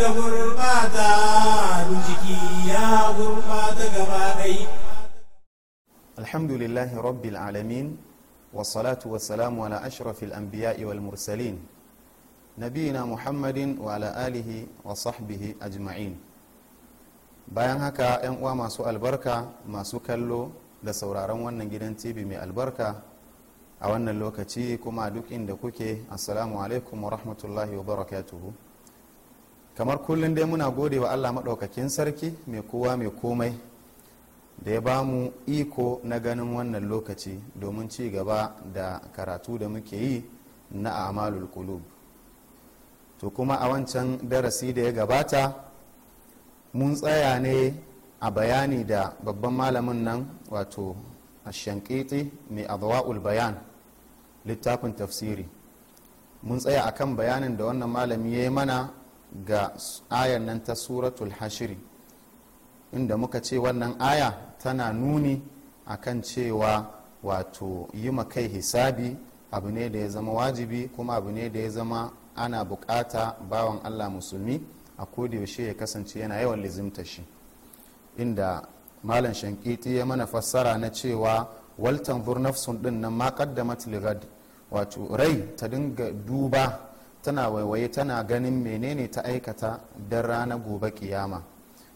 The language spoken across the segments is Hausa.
da gurbata jiki ya gurbata gaba ɗai alhamdulillahi rabbil alamin wasalatu wasalamu ala ashrafil anbiya'i wal mursalin nabiyina muhammadin wa ala alihi wa sahbihi ajma'in bayan haka 'yan uwa masu albarka masu kallo da sauraron wannan gidan tv mai albarka a wannan lokaci kuma duk inda kuke assalamu alaikum wa rahmatullahi wa barakatuhu kamar kullum dai muna gode wa allah maɗaukakin sarki mai kowa mai komai da ya bamu iko na ganin wannan lokaci domin ci gaba da karatu da muke yi na amalul kulub to kuma a wancan darasi da ya gabata mun tsaya ne a bayani da babban malamin nan wato ashankiti mai adawa'ul bayan littafin tafsiri mun tsaya akan bayanin da wannan malami ya yi mana ga ayan nan ta suratul hashiri inda muka ce wannan aya tana nuni a kan cewa wato yi kai hisabi abu ne da ya zama wajibi kuma abu ne da ya zama ana bukata bawan allah musulmi a yaushe ya kasance yana yawan lizimta shi inda malam shankiti ya mana fassara na cewa waltan nafsun din nan ma kaddamat ligad wato rai ta dinga duba tana waiwaye tana ganin menene ta aikata don rana gobe kiyama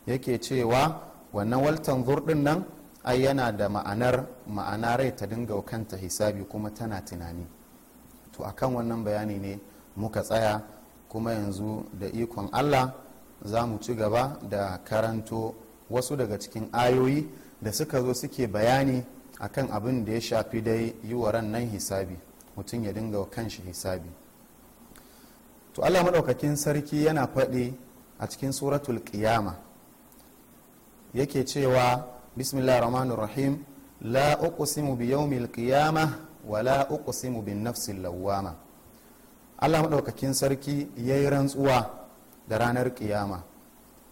yake cewa wannan waltan zurɗin nan ai yana da ma'anar ma'ana rai ta dinga kanta hisabi kuma tana tunani to akan wannan bayani ne muka tsaya kuma yanzu da ikon allah za mu ci gaba da karanto wasu daga cikin ayoyi da suka zo suke bayani akan abin da ya shafi dai yi wa ran nan hisabi mutum ya dinga wa shi hisabi to allah maɗaukakin sarki yana faɗi a cikin suratul qiyama yake cewa bismillah rahmanir rahim la uqsimu bi yawmil qiyama wa la uqsimu bin nafsil lawwama allah maɗaukakin sarki ya yi rantsuwa da ranar ƙiyama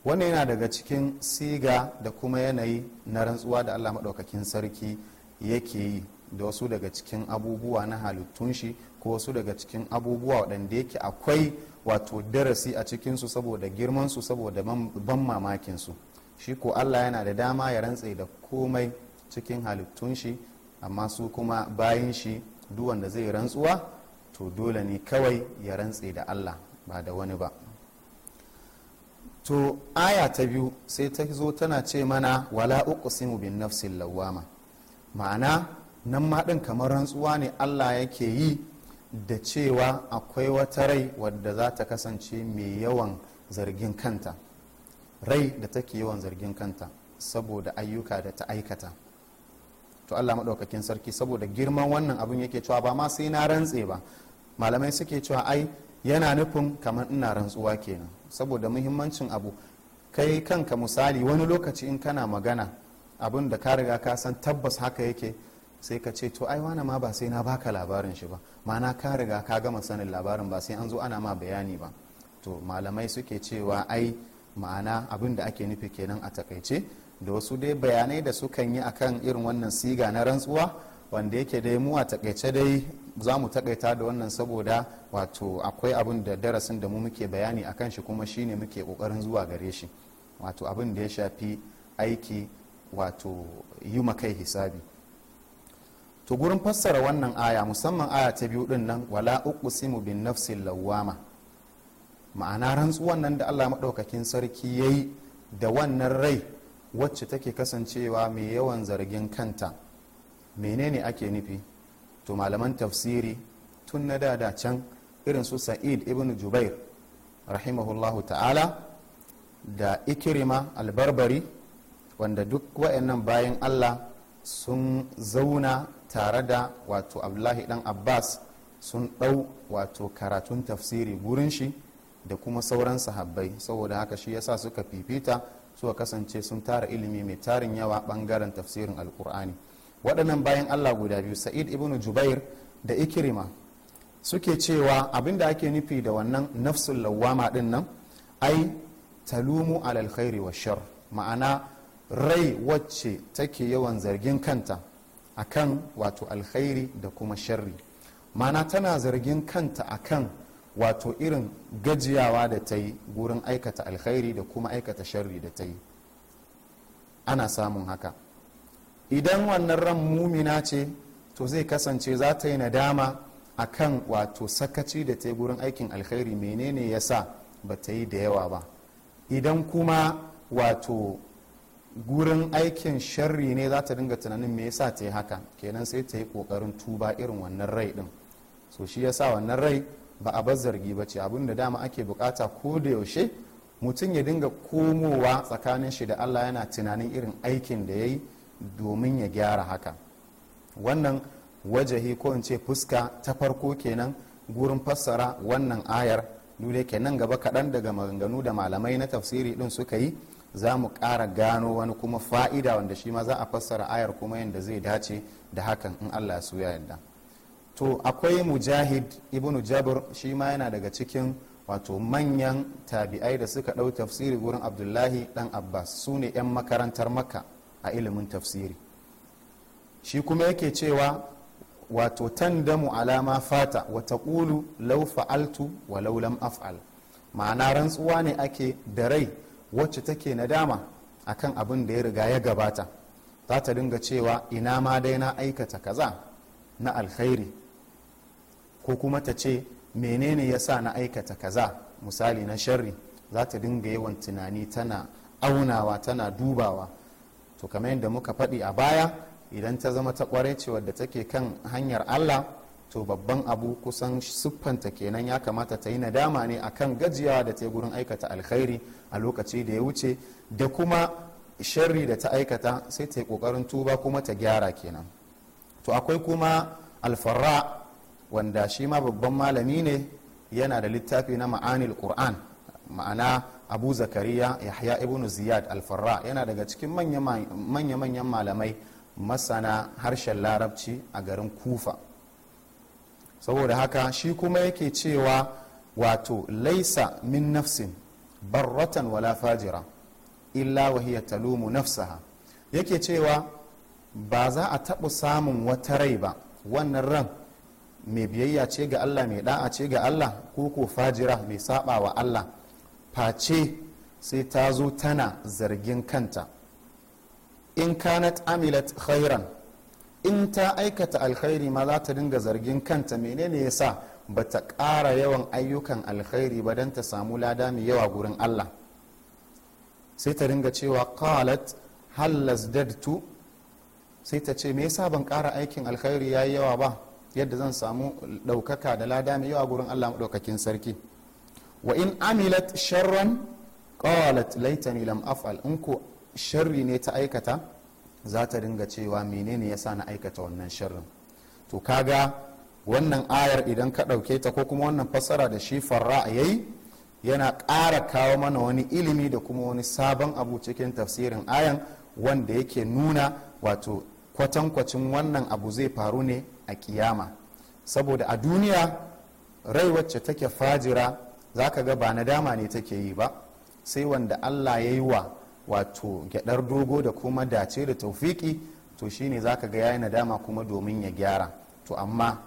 wannan yana daga cikin siga da kuma yanayi na rantsuwa da allah maɗaukakin sarki yake yi da wasu daga cikin abubuwa na halittun shi ko wasu daga cikin abubuwa waɗanda yake akwai wato darasi a cikinsu saboda girmansu saboda ban mamakinsu shi ko allah yana da dama ya rantse da komai cikin halittun shi amma su kuma bayan shi duwan wanda zai rantsuwa to dole ne kawai ya rantse da allah ba da wani ba to aya ta biyu sai ta zo tana ce mana wala uqsimu bin nafsin lawama ma'ana nan ma kamar rantsuwa ne allah yake yi da cewa akwai wata rai wadda za ta kasance mai yawan zargin kanta rai da take yawan zargin kanta saboda ayyuka da ta aikata to allah maɗaukakin sarki saboda girman wannan abin yake cewa ba ma sai na rantse ba malamai suke cewa ai yana nufin kamar ina rantsuwa kenan saboda muhimmancin abu kai kanka misali wani lokaci in kana magana abin da ka riga ka san tabbas haka yake sai ka ce to ai wani ma ba sai na baka labarin shi ba ma'ana ka riga ka gama sanin labarin ba sai an zo ana ma bayani ba to malamai suke cewa ai ma'ana abin da ake nufi kenan a takaice da wasu dai bayanai da sukan yi akan irin wannan siga na rantsuwa wanda yake dai mu a takaice dai za mu takaita da wannan saboda wato akwai abin da darasin da mu muke bayani akan shi kuma shine muke kokarin zuwa gare shi wato abin da ya shafi aiki wato yi kai hisabi to gurin fassara wannan aya musamman aya ta biyu din nan wala uqsimu bin nafsil lawama ma'ana rantsuwan nan da Allah madaukakin sarki yayi da wannan rai wacce take kasancewa mai yawan zargin kanta menene ake nufi to malaman tafsiri tun na dada can irin su sa'id ibn jubair rahimahullahu ta'ala da ikirima albarbari wanda duk wayannan bayan allah sun zauna tare da wato abdullahi dan abbas sun ɗau wato karatun tafsiri gurin shi da kuma sauran sahabbai saboda haka shi yasa suka fifita suka kasance sun tara ilimi mai tarin yawa bangaren tafsirin alkur'ani waɗannan bayan allah guda biyu sa'id ibn jubair da ikirima suke cewa abinda ake nufi da wannan nafsul lawama din nan ai talumu alal khairi wa shar ma'ana rai wacce take yawan zargin kanta akan wato alkhairi da kuma sharri mana tana zargin kanta akan wato irin gajiyawa da ta yi gurin aikata alkhairi da kuma aikata sharri da ta yi ana samun haka idan wannan ran mumina ce to zai kasance za ta yi nadama a kan wato sakaci da ta yi gurin aikin alkhairi menene ya sa ba ta yi da yawa ba idan kuma wato gurin aikin sharri ne za ta dinga tunanin me yasa ta yi haka kenan sai ta yi kokarin tuba irin wannan rai din so shi yasa wannan rai ba a bar zargi ba ce abin da dama ake bukata ko da yaushe mutum ya dinga komowa tsakanin shi da allah yana tunanin irin aikin da ya yi domin ya gyara haka wannan wajahi ko in ce fuska ta farko kenan gurin fassara wannan ayar dole kenan gaba kaɗan daga maganganu da malamai na tafsiri ɗin suka yi za mu ƙara gano wani kuma fa'ida wanda shi ma za a fassara ayar kuma yadda zai dace da hakan in allah su ya yadda to akwai mujahid ibnu jabir shi ma yana daga cikin wato manyan tabi'ai da suka ɗau tafsiri wurin abdullahi dan abbas su ne 'yan makarantar maka a ilimin tafsiri shi kuma yake cewa wato tan mu alama fata wata ƙulu lau fa'altu wa laulam af'al ma'ana rantsuwa ne ake da rai wacce take nadama akan abin da ya riga ya gabata za ta dinga cewa ina ma dai na aikata kaza na alkhairi ko kuma ta ce menene ya sa na aikata kaza misali na sharri za ta dinga yawan tunani tana aunawa tana dubawa to kamar yadda muka faɗi a baya idan ta zama ta kware da take kan hanyar allah to babban abu kusan siffanta kenan ya kamata ta yi nadama ne akan gajiya da ta yi gurin aikata alkhairi a lokaci da ya wuce da kuma sharri da ta aikata sai ta yi kokarin tuba kuma ta gyara kenan to akwai kuma alfarra wanda shi ma babban malami ne yana da littafi na ma'anil qur'an ma'ana abu zakariya yahya ibn ziyad alfarra yana daga cikin manya-manyan malamai masana harshen larabci a garin kufa saboda haka shi kuma yake cewa wato laisa min nafsin barratan wala fajira illa wahiya talumu nafsaha yake cewa ba za a taɓa samun wata rai ba wannan ran mai biyayya ce ga allah mai da'a ce ga allah ko ko fajira mai saba wa allah face sai ta zo tana zargin kanta in kanat amilat khairan in ta aikata alkhairi ma za ta dinga zargin kanta menene ya sa ba ta ƙara yawan ayyukan alkhairi ba don ta samu lada mai yawa gurin allah sai ta dinga cewa qalat hallas dadtu sai ta ce me yasa ban kara aikin alkhairi ya yi yawa ba yadda zan samu ɗaukaka da lada mai yawa gurin allah maɗaukakin sarki wa in amilat sharran qalat laitani lam af'al in ko sharri ne ta aikata za ta dinga cewa menene sa na aikata wannan shirin to kaga wannan ayar idan ka ɗauke ta ko kuma wannan fassara da shi farra yayi yana ƙara kawo mana wani ilimi da kuma wani sabon abu cikin tafsirin ayan wanda yake nuna wato kwatankwacin wannan abu zai faru ne a kiyama saboda a duniya rai wacce take fajira za ka ga ba nadama ne take yi ba sai wanda allah ya yi wa wato gyadar dogo da kuma dace da taufiki to shine zaka ga yayi nadama kuma domin ya gyara to amma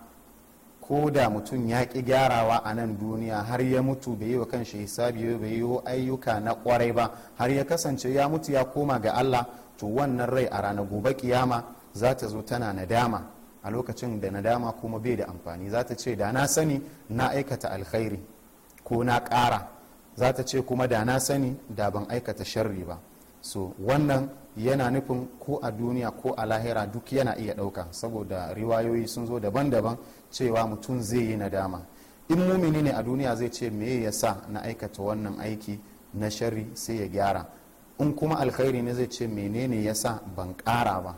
ko da mutum ya ƙi gyarawa a nan duniya har ya mutu bai yi wa kanshi hisabi bai yi ayyuka na kwarai ba har ya kasance ya mutu ya koma ga Allah to wannan rai a ranar gobe kiyama za ta zo tana nadama a lokacin da nadama kuma bai da amfani za ta ce da na sani na aikata alkhairi ko na ƙara za ta ce kuma da na sani da ban aikata sharri ba so wannan yana nufin ko a duniya ko a lahira duk yana iya ɗauka saboda riwayoyi sun zo daban-daban cewa mutum zai yi nadama in mumini ne a duniya zai ce me ya sa na aikata wannan aiki na sharri sai ya gyara in kuma alkhairi ne zai ce menene ya sa ban ƙara ba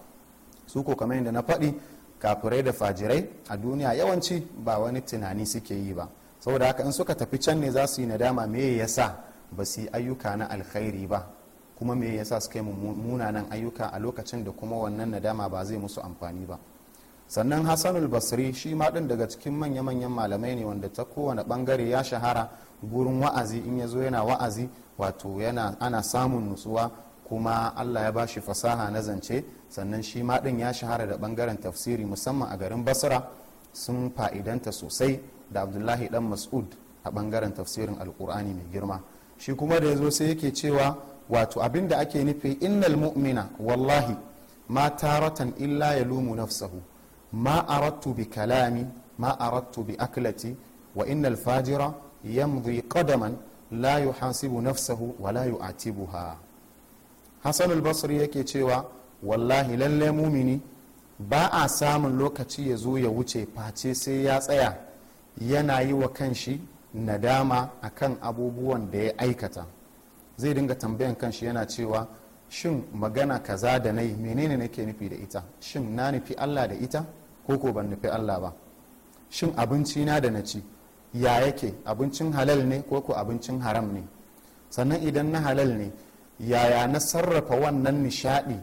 su ko kamar yadda na faɗi kafirai da fajirai a duniya yawanci ba wani tunani suke yi ba saboda haka in suka tafi can ne za su yi nadama me ya sa ba su yi ayyuka na alkhairi ba kuma me ya sa suka yi munanan ayyuka a lokacin da kuma wannan nadama ba zai musu amfani ba sannan hassanul basri shi ma ɗin daga cikin manya-manyan malamai ne wanda ta kowane bangare ya shahara gurin wa'azi in ya zo yana wa'azi wato yana ana samun nutsuwa kuma allah ya bashi fasaha na zance sannan shi ma ɗin ya shahara da bangaren tafsiri musamman a garin basra sun fa'idanta sosai da abdullahi dan mas'ud a bangaren tafsirin alkur'ani mai girma shi kuma da ya zo sai yake cewa wato abin da ake nufi innal mu'mina wallahi ma taratan illa ya lumu nafsahu ma arattu bi kalami ma arattu bi aklati wa innal fajira yamdi qadaman la yuhasibu nafsahu wa la yu'atibuha hasan al-basri yake cewa wallahi lallai mumini ba a samun lokaci ya zo ya wuce face sai ya tsaya yana yi wa kanshi nadama a kan abubuwan da ya aikata zai dinga tambayan kanshi yana cewa shin magana kaza da na yi menene nake nufi da ita shin na nufi allah da ita ko ko ban nufi allah ba shin abinci na da na ci ya yake abincin halal ne ko ko abincin haram ne sannan idan na halal ne yaya na sarrafa wannan nishadi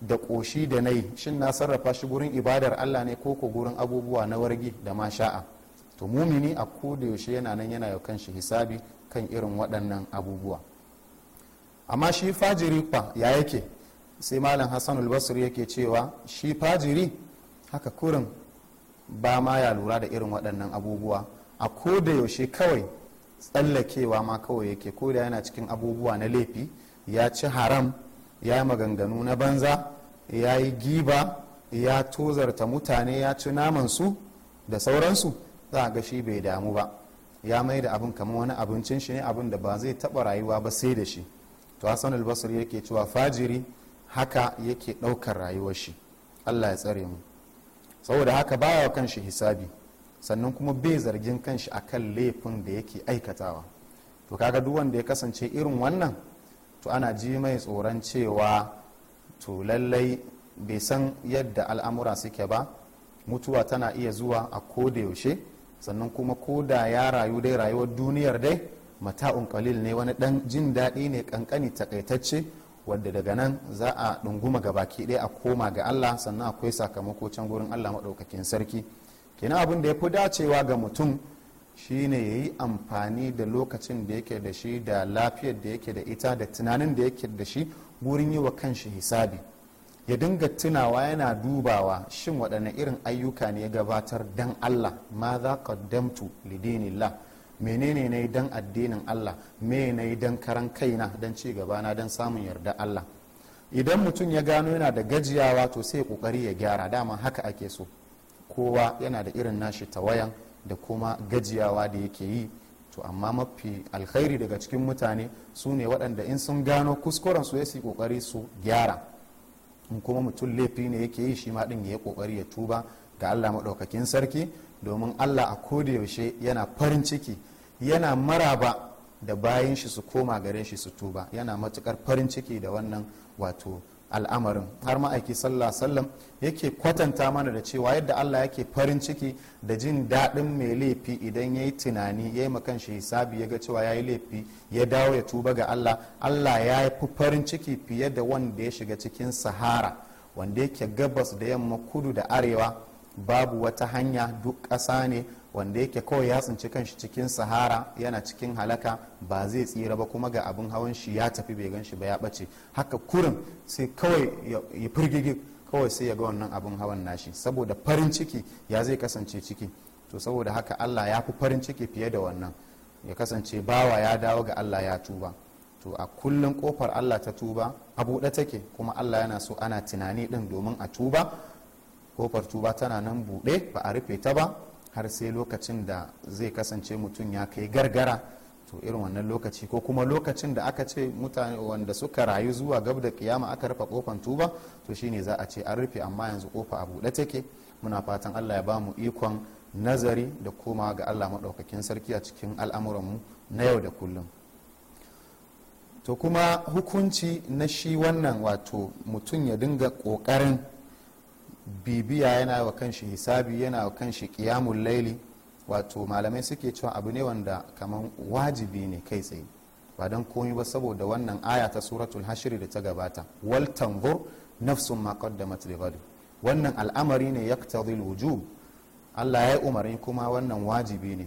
da ƙoshi da na yi shin na sarrafa shi gurin ibadar allah ne ko ko gurin abubuwa na wargi da ma sha'a to mumini a yaushe yana nan yana yau kanshi hisabi kan irin waɗannan abubuwa amma shi fajiri kwa ya yake sai malam hassan albasir yake cewa shi fajiri haka kurin ba ma ya lura da irin waɗannan abubuwa a yaushe kawai tsallakewa ma kawai yake koda yana cikin abubuwa na laifi ya ci haram ya yi maganganu na banza ya yi giba ya tozarta mutane ya ci namansu da sauransu za ga shi bai damu ba ya mai da abin kamar wani abincin shi ne abin da ba zai taba rayuwa ba sai da shi to hassan albasir yake cewa fajiri haka yake ɗaukar rayuwar shi allah ya tsare mu saboda haka baya kan shi hisabi sannan kuma bai zargin kanshi kan laifin da yake aikatawa to kaga duk wanda ya kasance irin wannan to ana ji mai tsoron cewa to lallai bai san yadda al'amura suke ba mutuwa tana iya zuwa a koda yaushe sannan kuma ko da ya rayu dai rayuwar duniyar dai mata'un kalil ne wani dan jin daɗi ne kankani takaitacce wadda daga nan za a ɗunguma ga baki ɗaya a koma ga allah sannan akwai sakamako can gurin allah maɗaukakin sarki kenan abin da ya fi dacewa ga mutum shine ya yi amfani da lokacin da yake da shi da lafiyar da yake da ita da tunanin da yake da shi gurin yi wa kanshi hisabi ya dinga tunawa yana dubawa shin waɗanne irin ayyuka ne ya gabatar dan Allah ma za ka damtu lidinillah menene ne dan addinin Allah me ne dan karan kaina dan ci gabana na dan samun yarda Allah idan mutum ya gano yana da gajiyawa to sai kokari ya gyara dama haka ake so kowa yana da irin nashi ta wayan da kuma gajiyawa da yake yi to amma mafi alkhairi daga cikin mutane su ne waɗanda in sun gano kuskuren su ya su kokari su gyara in kuma mutum laifi ne yake yi shi ma din ya yi kokari ya tuba ga Allah maɗaukakin sarki domin Allah a koda yaushe yana farin ciki yana maraba da bayan shi su koma gare shi su tuba yana matukar farin ciki da wannan wato al'amarin har ma'aiki sallah sallam yake kwatanta mana da cewa yadda allah yake farin ciki da jin daɗin mai laifi idan ya yi tunani ya yi kanshi hisabi ya ga cewa ya yi laifi ya dawo ya tuba ga allah allah ya fi farin ciki fiye da wanda ya shiga cikin sahara wanda yake gabas da yamma kudu da arewa babu wata hanya duk ƙasa ne wanda yake kawai ya tsinci kanshi cikin sahara yana cikin halaka ba zai tsira ba kuma ga abin hawan shi ya tafi bai gan shi ba ya bace haka kurin sai kawai ya firgige kawai sai ya ga wannan abin hawan nashi saboda farin ciki ya zai kasance ciki to saboda haka allah ya fi farin ciki fiye da wannan ya kasance bawa ya dawo ga allah ya tuba to a kullum kofar allah ta tuba a buɗe take kuma allah yana so ana tunani ɗin domin a tuba kofar tuba tana nan buɗe ba a rufe ta ba har sai lokacin da zai kasance mutum ya kai gargara to irin wannan lokaci ko kuma lokacin da aka ce mutane wanda suka rayu zuwa gab da kiyama aka rufe kofan tuba to shine za a ce an rufe amma yanzu kofa a buɗe take muna fatan allah ya bamu ikon nazari da koma ga allah maɗaukakin sarki a cikin al'amuran mu na yau da kullum to kuma hukunci na shi wannan wato mutum ya dinga ƙoƙarin bibiya yana wa kanshi hisabi yana wa kanshi kiyamun laili wato malamai suke cewa abu ne wanda kamar wajibi ne kai tsaye ba don komi ba saboda wannan aya ta suratul hashiri da ta gabata wal tanzur nafsun makon da lighad wannan al'amari ne yaqtadi wujub Allah ya yi umarni kuma wannan wajibi ne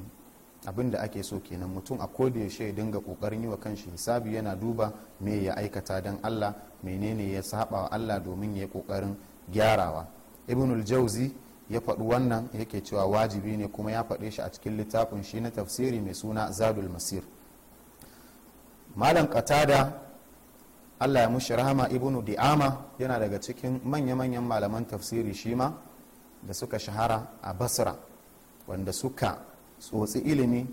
abin da ake so kenan mutum a yaushe ya dinga kokarin yi wa kanshi hisabi yana duba me ya aikata don Allah menene ya saba wa Allah domin ya yi kokarin gyarawa ibnul jauzi ya faɗi wannan yake cewa wajibi ne kuma ya faɗe shi a cikin littafin shi na tafsiri mai suna zadul masir malam qatada allah ya mushi rahama ibnu di'ama yana daga cikin manya-manyan malaman tafsiri shi ma da suka shahara a basra wanda suka tsotsi ilimi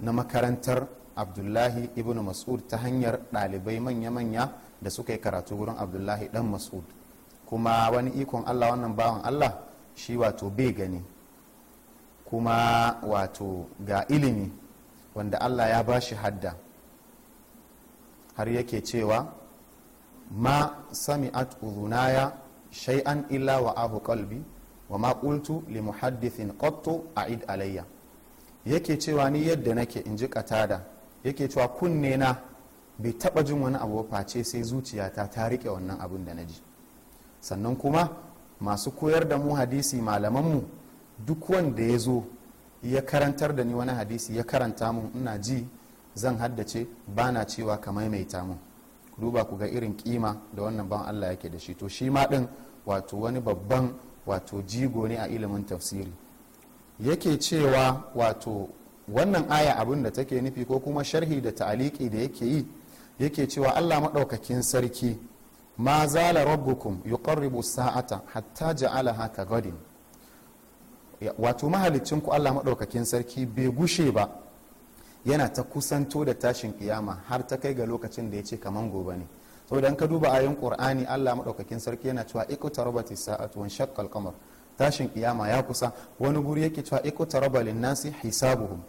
na makarantar abdullahi ibnu mas'ud ta hanyar ɗalibai manya-manya da suka yi karatu wurin abdullahi dan mas'ud kuma wani ikon allah wannan bawan allah shi wato bai gani kuma wato ga ilimi wanda allah ya ba shi hadda har yake cewa ma sami'at uzunaya shay'an illa wa abu qalbi wa ma qultu li muhaddithin qattu a'id alayya yake cewa ni yadda nake inji katada yake cewa kunne na bai taba jin wani abu face sai zuciyata ta rike wannan abun da na ji sannan kuma masu koyar da mu hadisi malamanmu duk wanda ya zo ya karantar da ni wani hadisi ya karanta mun ina ji zan haddace ba na cewa ka maimaita mun duba ku ga irin kima da wannan ban allah yake da shi to shi ma din wato wani babban wato jigo ne a ilimin tafsiri yake cewa wato wannan aya abin da take nufi ko kuma sharhi da ta'aliki da yake yi yake cewa allah maɗaukakin sarki ma zala rabbukum yuqarribu sa'ata hatta ja'alaha ka gadin wato mahalicin ku Allah madaukakin sarki bai gushe ba yana ta kusanto da tashin kiyama har ta kai ga lokacin da ya ce kaman gobe ne saboda ka duba ayin qur'ani Allah madaukakin sarki yana cewa tarabati sa'atu wan shaqqal qamar tashin kiyama ya kusa wani guri yake cewa iqtaraba tarabalin nasi hisabuhum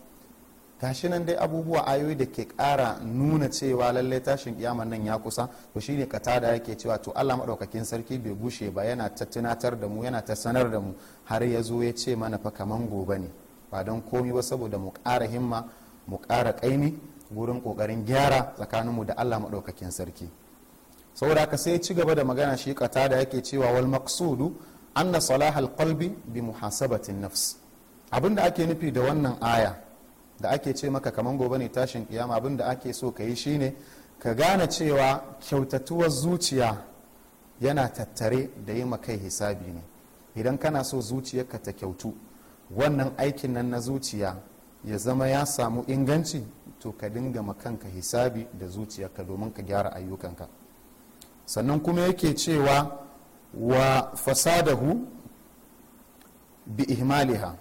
gashi nan dai abubuwa ayoyi da ke kara nuna cewa lalle tashin kiyaman nan ya kusa to shine katada yake cewa to Allah madaukakin sarki bai gushe ba yana ta tunatar da mu yana ta sanar da mu har ya zo ya ce mana fa kaman gobe ne ba don komi ba saboda mu kara himma mu kara kaimi gurin kokarin gyara tsakanin mu da Allah madaukakin sarki saboda ka sai ci gaba da magana shi katada yake cewa wal maqsudu anna salahal qalbi bi muhasabatin nafs abinda ake nufi da wannan aya da ake ce maka kamar gobe ne tashin kiyama abin da ake so ka yi shine ka gane cewa kyautatuwar zuciya yana tattare da yi kai hisabi ne idan kana so zuciyarka ta kyautu wannan aikin nan na zuciya ya zama ya samu inganci to ka dinga makanka hisabi da zuciyarka domin ka gyara ayyukanka sannan kuma yake cewa wa fasadahu bi ihmaliha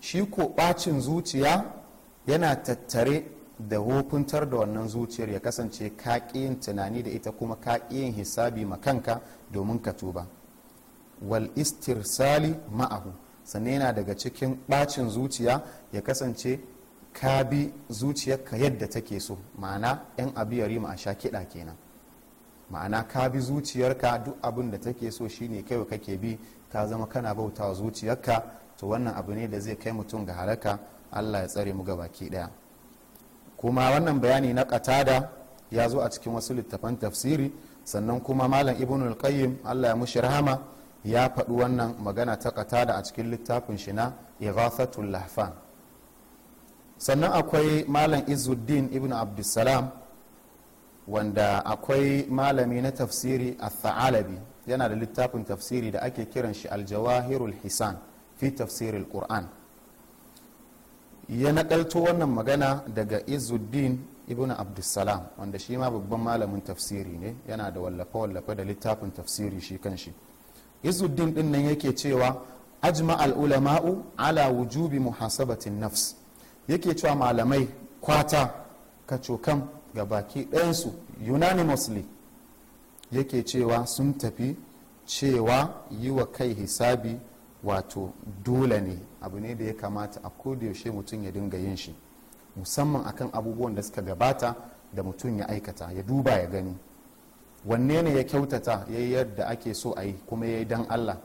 shi ko bacin zuciya yana tattare da hukuntar da wannan zuciyar ya kasance kaƙiyin tunani da ita kuma kaƙiyin hisabi ma kanka domin ka tuba wal istirsali ma'ahu sannan yana daga cikin ɓacin zuciya ya kasance ka bi zuciyarka yadda take so ma'ana yan abiyari ma a sha kiɗa kenan ma'ana ka bi zuciyarka duk abin da take so shine kai kake bi ka zama kana bautawa zuciyarka to wannan abu ne da zai kai mutum ga halaka allah ya tsare mu gabaki daya kuma wannan bayani na katada ya zo a cikin wasu littafan tafsiri sannan kuma malam ibn al-qayyim allah ya mushi rahama ya faɗi wannan magana ta katada a cikin littafin shi na ighathatul lahfan sannan akwai malam izuddin ibn abdussalam wanda akwai malami na tafsiri al thalabi yana da littafin tafsiri da ake kiran shi al-jawahirul hisan fi tafsiril qur'an ya nakalto wannan magana daga izuddin ibn abdulsalam wanda shi ma babban malamin tafsiri ne yana da wallafe-wallafe da littafin tafsiri shi kan shi izuddin din nan yake cewa ajma al'ulama'u ala wujubi muhasabatin nafs yake cewa malamai kwata kacokan ga baki ɗayansu unanimously yake cewa sun tafi cewa yi wa kai hisabi wato dole ne abu ne da ya kamata a yaushe mutum ya dinga yin shi musamman akan abubuwan da suka gabata da mutum ya aikata ya duba ya gani wanne ne ya kyautata ya yi yadda ake so a yi kuma ya yi don allah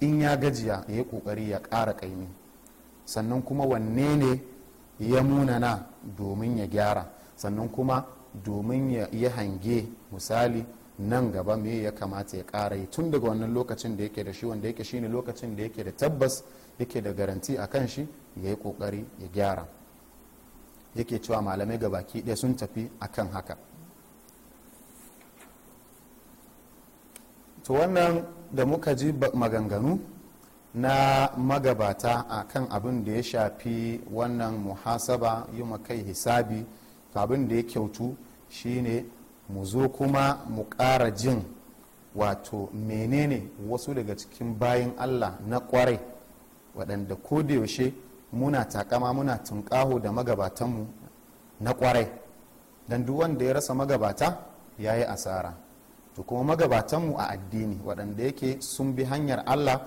in ya gajiya ya yi kokari ya ƙara ƙaimi sannan kuma wanne ne ya munana domin ya gyara sannan kuma domin ya hange misali nan gaba me ya kamata ya ƙara yi tun daga wannan lokacin da yake da shi wanda yake shine lokacin da yake da tabbas yake da garanti a kan shi ya yi ƙoƙari ya gyara yake cewa malamai ga baki ɗaya sun tafi a kan haka to wannan da muka ji maganganu na magabata a kan abin da ya shafi wannan muhasaba yi kai hisabi abin da ya kyautu shine mu zo kuma mu ƙara jin wato menene wasu daga cikin bayan allah na kwarai waɗanda ko da yaushe muna takama muna tunƙaho da magabatanmu na kwarai don duk wanda ya rasa magabata ya yi asara to kuma magabatanmu a addini waɗanda yake sun bi hanyar allah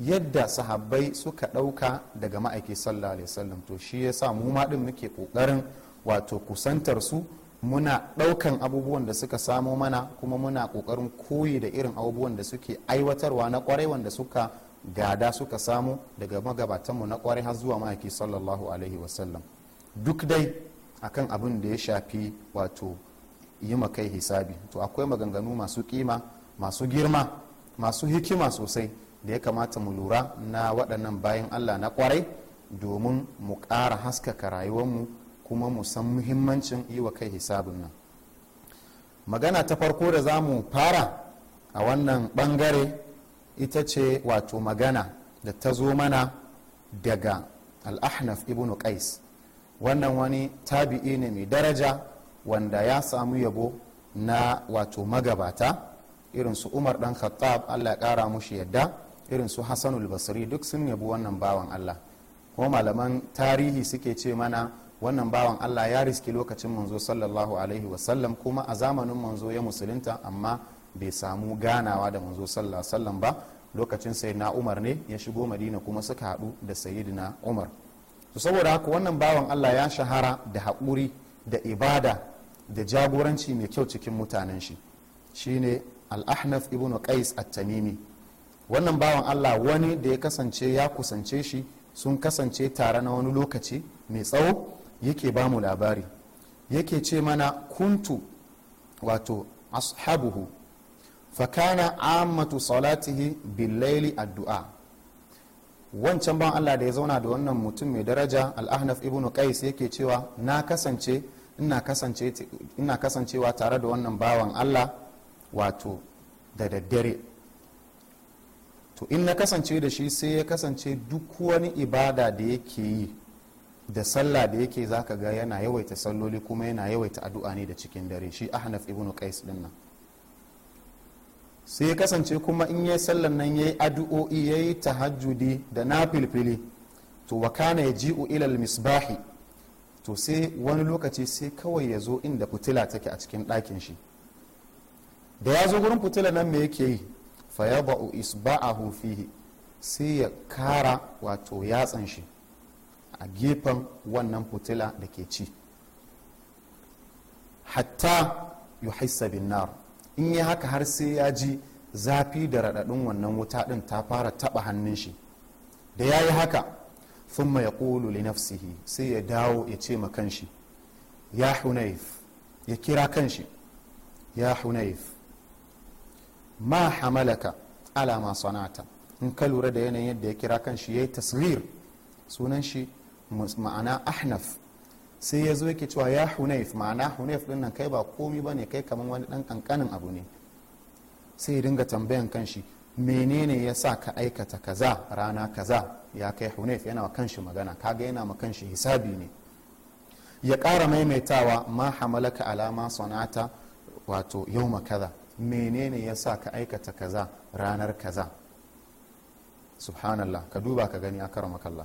yadda sahabbai suka ɗauka daga ma'aiki sallallahu alaihi wasallam to shi ya sa mu ma ɗin muke ƙoƙarin wato kusantar su muna ɗaukan abubuwan da suka samo mana kuma muna ƙoƙarin koyi da irin abubuwan da suke aiwatarwa na ƙwarai wanda suka gada suka samu daga magabatanmu na ƙwarai har zuwa ma'aiki sallallahu alaihi wasallam duk dai akan abin da ya shafi wato yi kai hisabi to akwai maganganu masu kima masu girma masu hikima sosai da ya kamata mu lura na waɗannan bayan allah na kwarai domin mu ƙara haskaka rayuwarmu kuma mu san muhimmancin yi wa kai hisabin nan magana ta farko da za mu fara a wannan bangare ita ce wato magana da ta zo mana daga al'ahnaf ibn qais wannan wani tabi'i ne mai daraja wanda ya samu yabo na wato magabata irin su umar dan khattab allah ya kara mushi yadda irin su hassanul basri duk sun yabi wannan bawan allah kuma malaman tarihi suke ce mana wannan bawan allah ya riski lokacin manzo sallallahu alaihi wasallam kuma a zamanin manzo ya musulunta amma bai samu ganawa da manzo sallallahu alaihi wasallam ba lokacin na umar ne ya shigo madina kuma suka haɗu da sayyidina umar to saboda haka wannan bawan allah ya shahara da haƙuri da ibada da jagoranci mai kyau cikin mutanen shi shine al-ahnaf ibn qais at-tamimi wannan bawan allah wani da ya kasance ya kusance shi sun kasance tare na wani lokaci mai tsawo yake ba mu labari yake ce mana kuntu wato ashabuhu fakana ammatu salatihi billaili addu'a wancan ban Allah da ya zauna da wannan mutum mai daraja al'ahnaf ibn qais yake cewa na kasance ina kasancewa tare da wannan bawan Allah wato da daddare to in na kasance da shi sai ya kasance duk wani ibada da yake yi da sallah da yake zaka ga yana yawaita salloli kuma yana yawaita addu'a ne da cikin dare shi ahnaf ibnu qais din nan sai ya kasance kuma in yayi sallan nan yayi addu'o'i yayi tahajjudi da nafilfili to wa kana yaji'u ila misbahi to sai wani lokaci sai kawai yazo inda fitila take a cikin ɗakin shi da ya zo gurin fitila nan me yake yi fa isba'ahu fihi sai ya kara wato yatsan shi a gefen wannan fitila da ke ci hatta yuhissa bin nar in yi haka har sai ya ji zafi da raɗaɗin wannan wuta ɗin ta fara taɓa hannun shi da ya yi haka sun ya ƙulu li nafsihi sai ya dawo ya ce ma kanshi ya hunayif ya kira kanshi ya hunayif ma hamalaka ala ma sanata in ka lura da yanayin yadda ya kira kanshi ya yi tasrir sunan shi ma'ana ahnaf sai ya zo yake cewa ya hunayf ma'ana hunayf din nan kai ba komi ba ne kai kamar wani dan kankanin abu ne sai ya dinga tambayan kanshi menene ya sa ka aikata kaza rana kaza ya kai hunayf yana wa kanshi magana kaga yana ma kanshi hisabi ne ya kara maimaitawa ma hamalaka alama sonata wato yau kaza menene ya sa ka aikata kaza ranar kaza subhanallah ka duba ka gani a karamakalla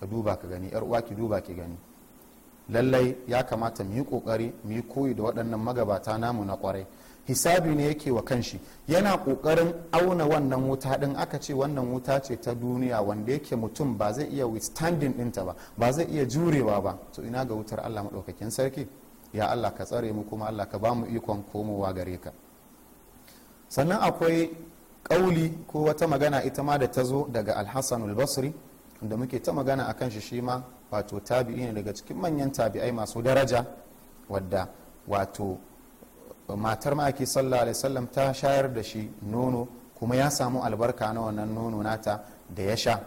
ka duba ka gani yar uwa ki duba ki gani lallai ya kamata mu yi kokari mu yi koyi da waɗannan magabata namu na kwarai hisabi ne yake wa kanshi yana kokarin auna wannan wuta din aka ce wannan wuta ce ta duniya wanda yake mutum ba zai iya withstanding ɗinta ba ba zai iya jurewa ba to ina ga wutar Allah madaukakin sarki ya Allah ka tsare mu kuma Allah ka ba mu ikon komowa gare ka sannan akwai kauli ko wata magana ita ma da ta zo daga al basri da muke ta magana a kan shi shi ma wato tabi'i ne daga cikin manyan tabi'ai masu daraja wadda wato matar ma'aiki sallallahu alaihi wasallam ta shayar da shi nono kuma ya samu albarka na wannan nono nata da ya sha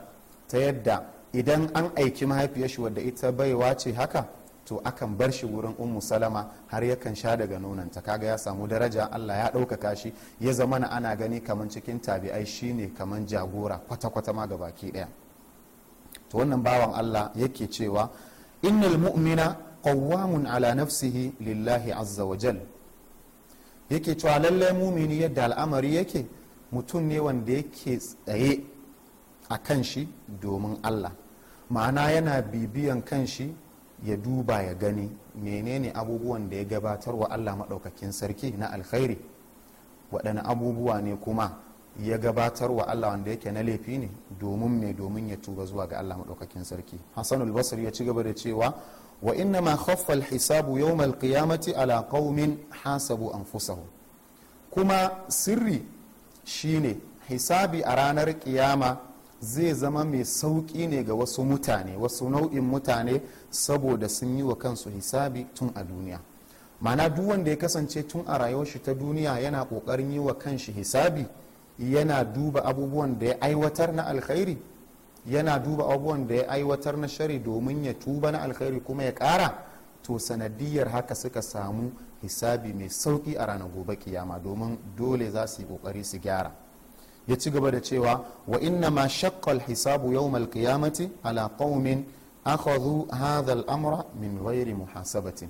ta yadda idan an aiki mahaifiyar shi wadda ita baiwa ce haka to akan bar shi wurin ummu salama har yakan sha daga nonon ta kaga ya samu daraja allah ya ɗaukaka shi ya zama ana gani kaman cikin tabi'ai shine kaman jagora kwata-kwata ma ga baki ɗaya to wannan bawan Allah yake cewa innal mu'mina qawwamun ala nafsihi lillahi azza wa jal yake cewa lalle mumini yadda al'amari yake mutum ne wanda yake tsaye a kan shi domin Allah ma'ana yana bibiyan kan shi ya duba ya gani menene abubuwan da ya gabatar wa Allah maɗaukakin sarki na alkhairi waɗanne abubuwa ne kuma ya gabatar wa Allah wanda yake na laifi ne domin mai domin ya tuba zuwa ga Allah maɗaukakin sarki Hassanul Basri ya ci gaba da cewa wa inna ma khaffal hisabu al qiyamati ala qaumin hasabu anfusahum kuma sirri shine hisabi a ranar kiyama zai zama mai sauƙi ne ga wasu mutane wasu nau'in mutane saboda sun yi wa kansu hisabi tun a duniya ma'ana duk wanda ya kasance tun a rayuwar shi ta duniya yana ƙoƙarin yi wa kanshi hisabi yana duba abubuwan da ya aiwatar na alkhairi yana duba abubuwan da ya aiwatar na shari domin ya tuba na alkhairi kuma ya ƙara to sanadiyar haka suka samu hisabi mai sauƙi a ranar gobe kiyama domin dole za su yi ƙoƙari su gyara ya ci gaba da cewa wa inna ma shakkal hisabu yau malkiyamati ala qaumin akhadhu hadha al-amra min ghairi muhasabatin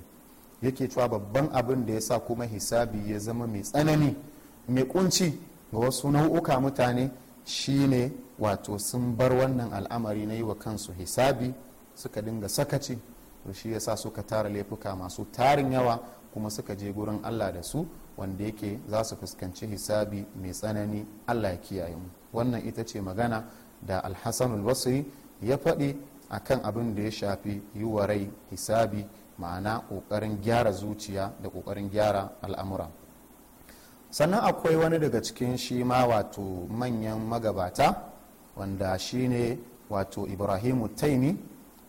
yake cewa babban abin da ya sa kuma hisabi ya zama mai tsanani mai kunci ga wasu nau'uka mutane shine wato sun bar wannan al'amari na yi wa kansu hisabi suka dinga sakaci shi yasa suka tara laifuka masu tarin yawa kuma suka je gurin allah da su wanda yake za su fuskanci hisabi mai tsanani allah ya kiyaye mu wannan ita ce magana da alhassanul basri ya faɗi akan abin da ya shafi yi wa rai hisabi ma'ana ƙoƙarin gyara zuciya da ƙoƙarin gyara al'amura sannan akwai wani daga cikin shi ma wato manyan magabata wanda shi ne wato ibrahimu taimi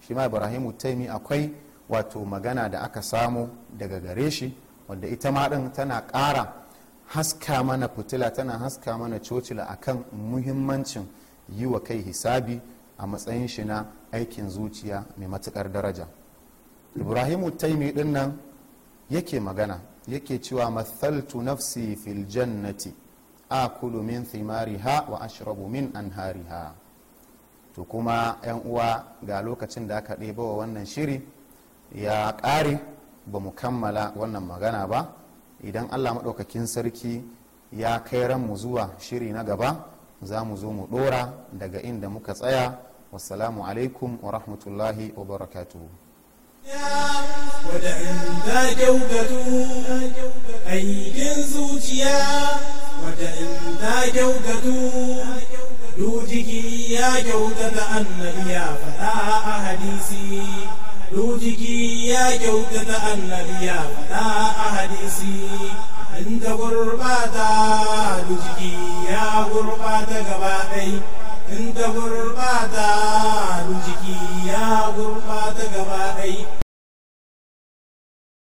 shi ma ibrahimu taimi akwai wato magana da aka samu daga gare shi wanda ita ma ɗin tana ƙara haska mana fitila tana haska mana cocila kan muhimmancin yi wa kai hisabi a matsayin shi na aikin zuciya mai matukar daraja ibrahimu taimi ɗin yake magana yake cewa mathaltu nafsi fil jannati akulu min thimariha wa ashrabu min anhariha to kuma yan uwa ga lokacin da aka ɗeba wa wannan shiri ya ƙare ba mu kammala wannan magana ba idan allah maɗaukakin sarki ya kai mu zuwa shiri na gaba za mu zo mu ɗora daga inda muka tsaya wasalamu alaikum wa rahmatullahi wa barakatuhu wada'inda kyautatu aikin zuciya wada'inda kyautatu dujiki ya kyautata annabi ya faɗa a hadisi dujiki ya kyautata annabi ya faɗa a hadisi in ta gurɓata, dujiki ya gurɓata gaba ɗai in ta gurɓata, dujiki ya gurɓata gaba ɗai